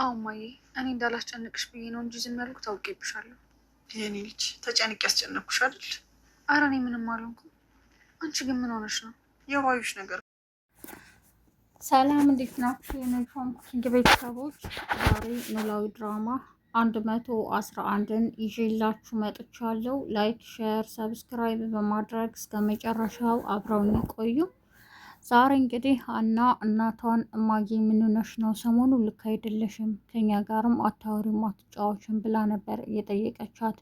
አዎ እማዬ፣ እኔ እንዳላስጨንቅሽ ብዬ ነው እንጂ ዝም ያልኩት ታውቂብሻለሁ። የኔ ልጅ ተጨንቅ ያስጨነቅኩሽ አይደል? አረ እኔ ምንም አልሆንኩም። አንቺ ግን ምን ሆነሽ ነው? የባዩሽ ነገር ሰላም እንዴት ናችሁ? የመልካም ክፍል ቤተሰቦች ዛሬ ኖላዊ ድራማ አንድ መቶ አስራ አንድን ይዤላችሁ መጥቻለሁ። ላይክ፣ ሼር፣ ሰብስክራይብ በማድረግ እስከ መጨረሻው አብረውን ይቆዩም። ዛሬ እንግዲህ አና እናቷን እማዬ የምንነሽ ነው ሰሞኑ ልክ አይደለሽም፣ ከኛ ጋርም አታወሪም፣ አትጫወችም ብላ ነበር እየጠየቀቻት።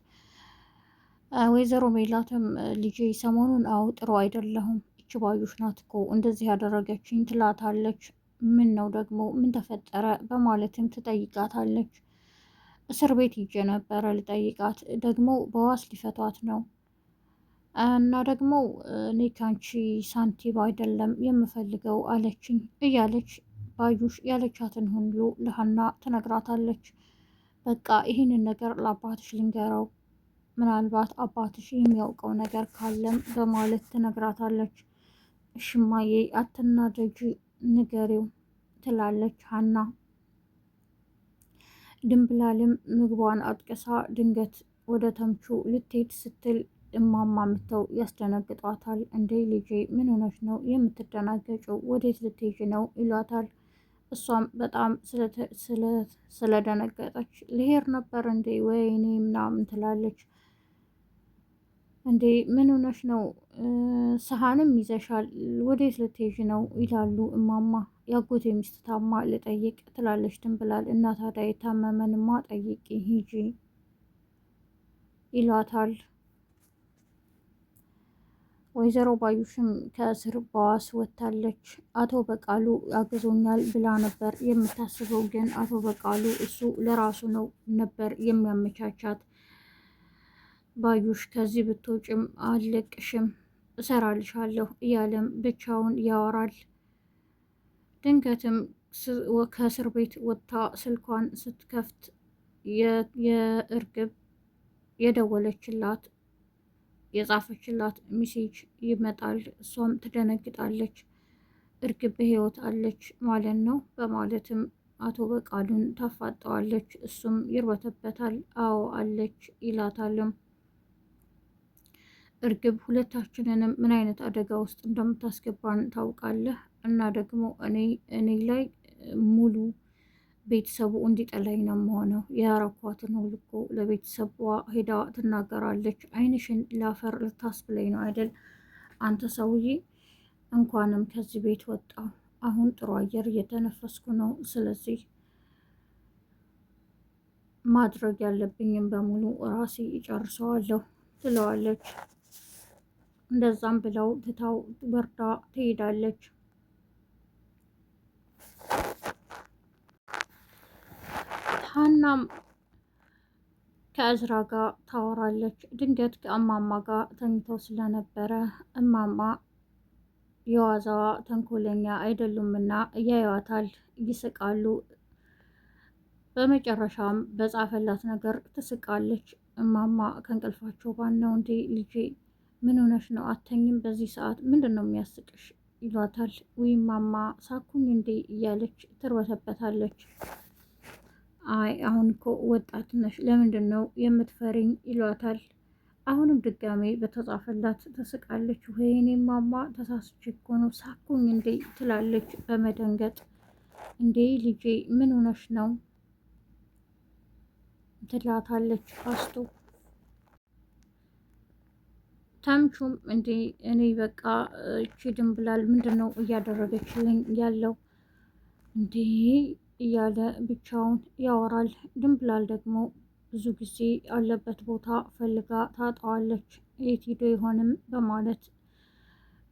ወይዘሮ ሜላትም ልጄ ሰሞኑን አውጥሮ ጥሩ አይደለሁም፣ እች ባዩሽ ናት እኮ እንደዚህ ያደረገችኝ ትላታለች። ምን ነው ደግሞ ምን ተፈጠረ በማለትም ትጠይቃታለች። እስር ቤት ሂጄ ነበረ ልጠይቃት፣ ደግሞ በዋስ ሊፈቷት ነው እና ደግሞ እኔ ካንቺ ሳንቲም አይደለም የምፈልገው አለችኝ እያለች ባዩሽ ያለቻትን ሁሉ ለሀና ትነግራታለች። በቃ ይህንን ነገር ለአባትሽ ልንገረው፣ ምናልባት አባትሽ የሚያውቀው ነገር ካለም በማለት ትነግራታለች። እሽማዬ አትናደጂ፣ ንገሪው ትላለች ሀና። ድንብላልም ምግቧን አጥቅሳ ድንገት ወደ ተምቹ ልትሄድ ስትል እማማ ምተው ያስደነግጧታል። እንዴ ልጄ ምን ሆነሽ ነው የምትደናገጭው? ወዴት ልትሄጂ ነው ይሏታል። እሷም በጣም ስለደነገጠች ልሄድ ነበር እንዴ ወይኔ ምናምን ትላለች። እንዴ ምን ሆነሽ ነው? ሰሃንም ይዘሻል ወዴት ልትሄጂ ነው ይላሉ እማማ። ያጎቴ ሚስት ታማ ልጠይቅ ትላለች ድንብላል። እና ታዲያ የታመመንማ ጠይቂ ሂጂ ይሏታል። ወይዘሮ ባዩሽም ከእስር በዋስ ወጥታለች። አቶ በቃሉ ያግዞኛል ብላ ነበር የምታስበው፣ ግን አቶ በቃሉ እሱ ለራሱ ነው ነበር የሚያመቻቻት። ባዩሽ ከዚህ ብትወጪም አልለቅሽም፣ እሰራልሻለሁ እያለም ብቻውን ያወራል። ድንገትም ከእስር ቤት ወጥታ ስልኳን ስትከፍት የእርግብ የደወለችላት የጻፈችላት ሚሴጅ ይመጣል። እሷም ትደነግጣለች። እርግብ በህይወት አለች ማለት ነው በማለትም አቶ በቃሉን ታፋጠዋለች። እሱም ይርበተበታል። አዎ አለች ይላታልም። እርግብ ሁለታችንንም ምን አይነት አደጋ ውስጥ እንደምታስገባን ታውቃለህ እና ደግሞ እኔ እኔ ላይ ሙሉ ቤተሰቡ እንዲጠላኝ ነው መሆነው የአረኳትን ሁሉ እኮ ለቤተሰቧ ሄዳ ትናገራለች። አይንሽን ላፈር ልታስብለኝ ነው አይደል? አንተ ሰውዬ እንኳንም ከዚህ ቤት ወጣ። አሁን ጥሩ አየር እየተነፈስኩ ነው። ስለዚህ ማድረግ ያለብኝም በሙሉ ራሴ ይጨርሰዋለሁ ትለዋለች። እንደዛም ብለው ትታው ወርዳ ትሄዳለች። እናም ከእዝራ ጋር ታወራለች። ድንገት ከእማማ ጋር ተኝተው ስለነበረ እማማ የዋዛዋ ተንኮለኛ አይደሉምና እያየዋታል፣ ይስቃሉ። በመጨረሻም በጻፈላት ነገር ትስቃለች። እማማ ከእንቅልፋቸው ባነው እንዴ ልጄ ምን ሆነሽ ነው አተኝም? በዚህ ሰዓት ምንድን ነው የሚያስቅሽ? ይሏታል። ውይ እማማ ሳኩኝ እንዴ እያለች ትርበተበታለች። አይ አሁን እኮ ወጣት ነሽ ለምንድን ነው የምትፈሪኝ? ይሏታል። አሁንም ድጋሜ በተጻፈላት ትስቃለች። ወይኔ ማማ ተሳስች እኮ ነው ሳኩኝ እንዴ ትላለች በመደንገጥ እንዴ ልጄ ምን ሆነሽ ነው ትላታለች አስቶ ተምቹም እንዴ እኔ በቃ እቺ ድንብላል ምንድን ነው እያደረገችልኝ ያለው እንዴ እያለ ብቻውን ያወራል። ድንብላል ደግሞ ብዙ ጊዜ ያለበት ቦታ ፈልጋ ታጣዋለች። የት ሄዶ ይሆንም በማለት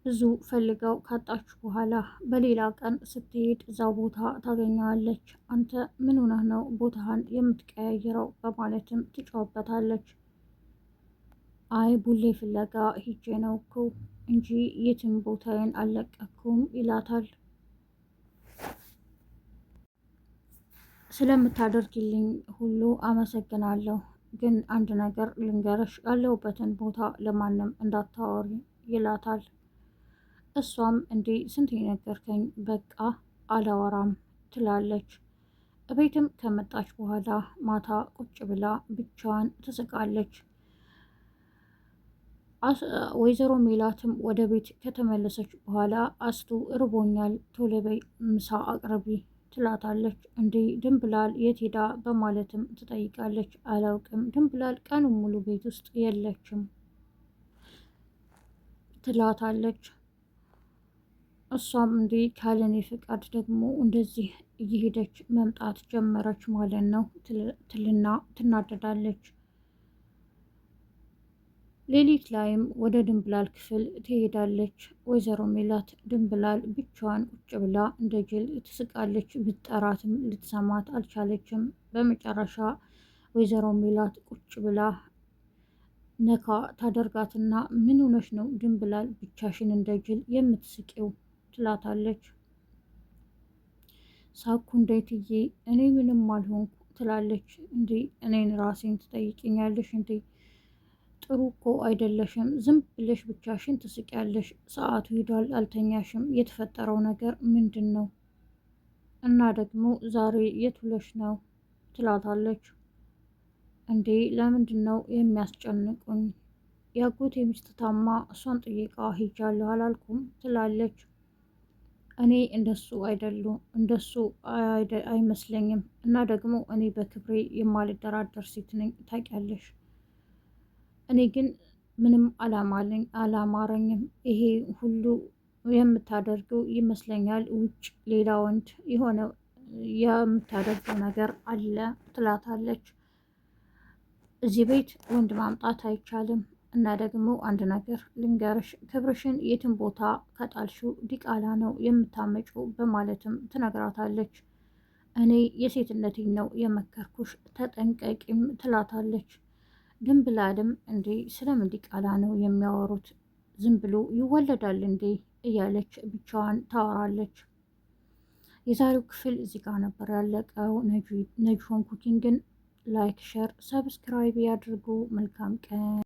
ብዙ ፈልገው ካጣች በኋላ በሌላ ቀን ስትሄድ እዛ ቦታ ታገኘዋለች። አንተ ምን ሆነህ ነው ቦታህን የምትቀያየረው? በማለትም ትጫወበታለች። አይ ቡሌ ፍለጋ ሂጄ ነው እኮ እንጂ የትም ቦታዬን አልለቀኩም ይላታል። ስለምታደርግልኝ ሁሉ አመሰግናለሁ። ግን አንድ ነገር ልንገርሽ፣ ያለሁበትን ቦታ ለማንም እንዳታወሪ ይላታል። እሷም እንዴ ስንት ነገርከኝ፣ በቃ አላወራም ትላለች። እቤትም ከመጣች በኋላ ማታ ቁጭ ብላ ብቻዋን ትስቃለች። ወይዘሮ ሜላትም ወደ ቤት ከተመለሰች በኋላ አስቱ እርቦኛል፣ ቶሎ በይ ምሳ አቅርቢ ትላታለች። እንዴ ድንብላል የት ሄዳ በማለትም ትጠይቃለች። አላውቅም ድንብላል ቀኑ ሙሉ ቤት ውስጥ የለችም ትላታለች። እሷም እንዲህ ካለኔ ፍቃድ ደግሞ እንደዚህ እየሄደች መምጣት ጀመረች ማለት ነው ትልና ትናደዳለች። ሌሊት ላይም ወደ ድንብላል ክፍል ትሄዳለች። ወይዘሮ ሜላት ድንብላል ብቻዋን ቁጭ ብላ እንደ ጅል ትስቃለች። ብትጠራትም ልትሰማት አልቻለችም። በመጨረሻ ወይዘሮ ሜላት ቁጭ ብላ ነካ ታደርጋትና ምን ሆነሽ ነው ድንብላል ብቻሽን እንደ ጅል የምትስቂው? ትላታለች። ሳኩ እንዴትዬ እኔ ምንም አልሆንኩ ትላለች። እንዲህ እኔን ራሴን ትጠይቅኛለሽ እንዴ? ጥሩ እኮ አይደለሽም። ዝም ብለሽ ብቻሽን ትስቂያለሽ። ሰዓቱ ሂዷል፣ አልተኛሽም። የተፈጠረው ነገር ምንድን ነው? እና ደግሞ ዛሬ የት ውለሽ ነው ትላታለች። እንዴ ለምንድን ነው የሚያስጨንቁኝ? የአጎቴ ሚስት ታማ እሷን ጥይቃ ሂጃለሁ አላልኩም? ትላለች። እኔ እንደሱ አይደሉ እንደሱ አይመስለኝም። እና ደግሞ እኔ በክብሬ የማልደራደር ሴት ነኝ ታውቂያለሽ። እኔ ግን ምንም አላማረኝም። ይሄ ሁሉ የምታደርገው ይመስለኛል ውጭ ሌላ ወንድ የሆነ የምታደርገው ነገር አለ ትላታለች። እዚህ ቤት ወንድ ማምጣት አይቻልም። እና ደግሞ አንድ ነገር ልንገርሽ፣ ክብርሽን የትን ቦታ ከጣልሽው ዲቃላ ነው የምታመጩ በማለትም ትነግራታለች። እኔ የሴትነቴን ነው የመከርኩሽ፣ ተጠንቀቂም ትላታለች። ድም ብላድም እንዴ ስለምንዲ ቃላ ነው የሚያወሩት? ዝም ብሎ ይወለዳል እንዴ? እያለች ብቻዋን ታወራለች። የዛሬው ክፍል እዚህ ጋር ነበር ያለቀው። ነጂሆን ኩኪንግን ላይክ፣ ሸር፣ ሰብስክራይብ ያድርጉ። መልካም ቀን